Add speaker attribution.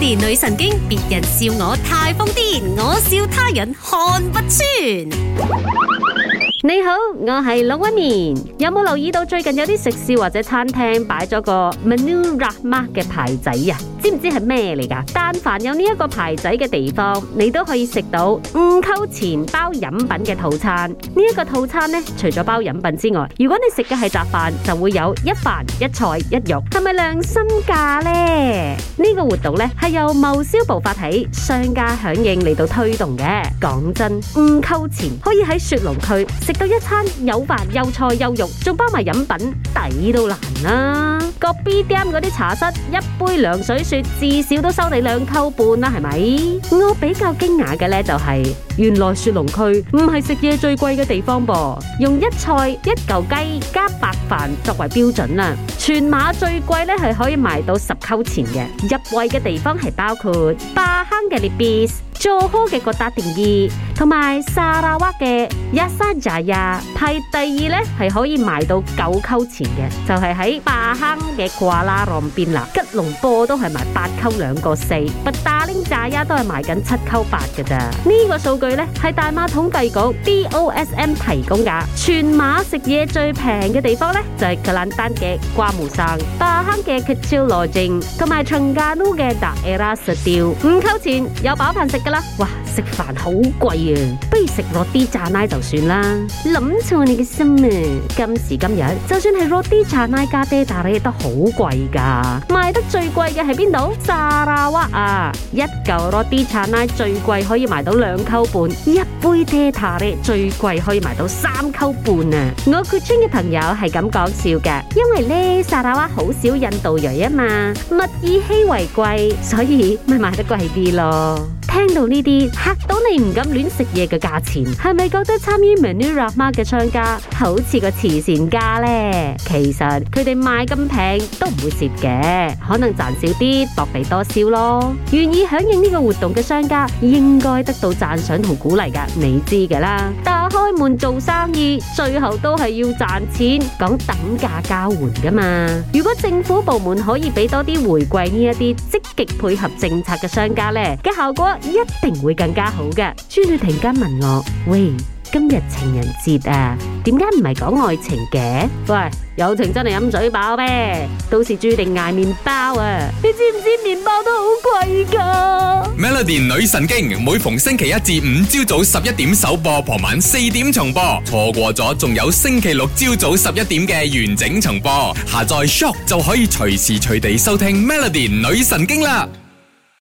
Speaker 1: 啲女神經，別人笑我太瘋癲，我笑他人看不穿。你好，我係龍紋敏，有冇留意到最近有啲食肆或者餐廳擺咗個 Menu Rahmah 嘅牌仔啊？知唔知係咩嚟噶？但凡有呢一個牌仔嘅地方，你都可以食到五嚿錢包飲品嘅套餐。呢、這、一個套餐呢，除咗包飲品之外，如果你食嘅係雜飯，就會有一飯一菜一肉，係咪良心價呢？呢個活動呢，係由貿消部發起，商家響應嚟到推動嘅。講真，五嚿錢可以喺雪隆區食到一餐有飯有菜有肉，仲包埋飲品，抵到難啦、啊！個 BDM 嗰啲茶室，一杯涼水。說至少都收你兩扣半啦，係咪？我比較驚訝嘅咧就係、是，原來雪龍區唔係食嘢最貴嘅地方噃，用一菜一嚿雞加白飯作為標準啦，全馬最貴咧係可以賣到十扣錢嘅。入圍嘅地方係包括彭亨嘅立卑，做好嘅個打定義。同埋沙拉哇嘅一山炸呀，係第二呢係可以賣到九扣錢嘅，就係喺彭亨嘅瓜拉浪邊啦。Ina, 吉隆坡都係賣八扣兩個四，八打靈再也都係賣緊七扣八嘅咋？呢、這個數據呢係大馬統，統計局 DOSM 提供噶。全馬食嘢最平嘅地方呢，就係吉蘭丹嘅瓜慕生，彭亨嘅吉超羅靜，同埋登嘉樓嘅達埃拉斯吊五扣錢有飽飯食噶啦，哇！食飯好貴啊，不如食落啲炸奶就算啦。諗錯你嘅心啊！今時今日，就算係落啲炸奶加爹撻，你都好貴噶。賣得最貴嘅係邊度？砂拉越啊！一嚿落啲炸奶最貴可以賣到兩扣半，一杯爹撻咧最貴可以賣到三扣半啊！我古晉嘅朋友係咁講笑嘅，因為咧砂拉越好少印度裔啊嘛，物以稀為貴，所以咪賣得貴啲咯。聽到呢啲吓到你唔敢亂食嘢嘅價錢，係咪覺得參與 Menu Rahmah 嘅商家好似個慈善家呢？其實佢哋賣咁平都唔會蝕嘅，可能賺少啲薄利多銷咯。願意響應呢個活動嘅商家應該得到讚賞同鼓勵噶，你知噶啦。開門做生意，最後都係要賺錢，講等價交換噶嘛。如果政府部門可以俾多啲回饋呢一啲積極配合政策嘅商家呢，嘅效果一定會更加好嘅。朱女突然間問我，喂，今日情人節啊，點解唔係講愛情嘅？喂，友情真係飲水飽咩？到時注定挨麵包啊！你知唔知麵包都好貴噶？Melody 女神經每逢星期一至五朝早十一點首播，傍晚四點重播。錯過咗仲有星期六朝早十一點嘅完整重播。下載 Shock 就可以隨時隨地收聽 Melody 女神經啦。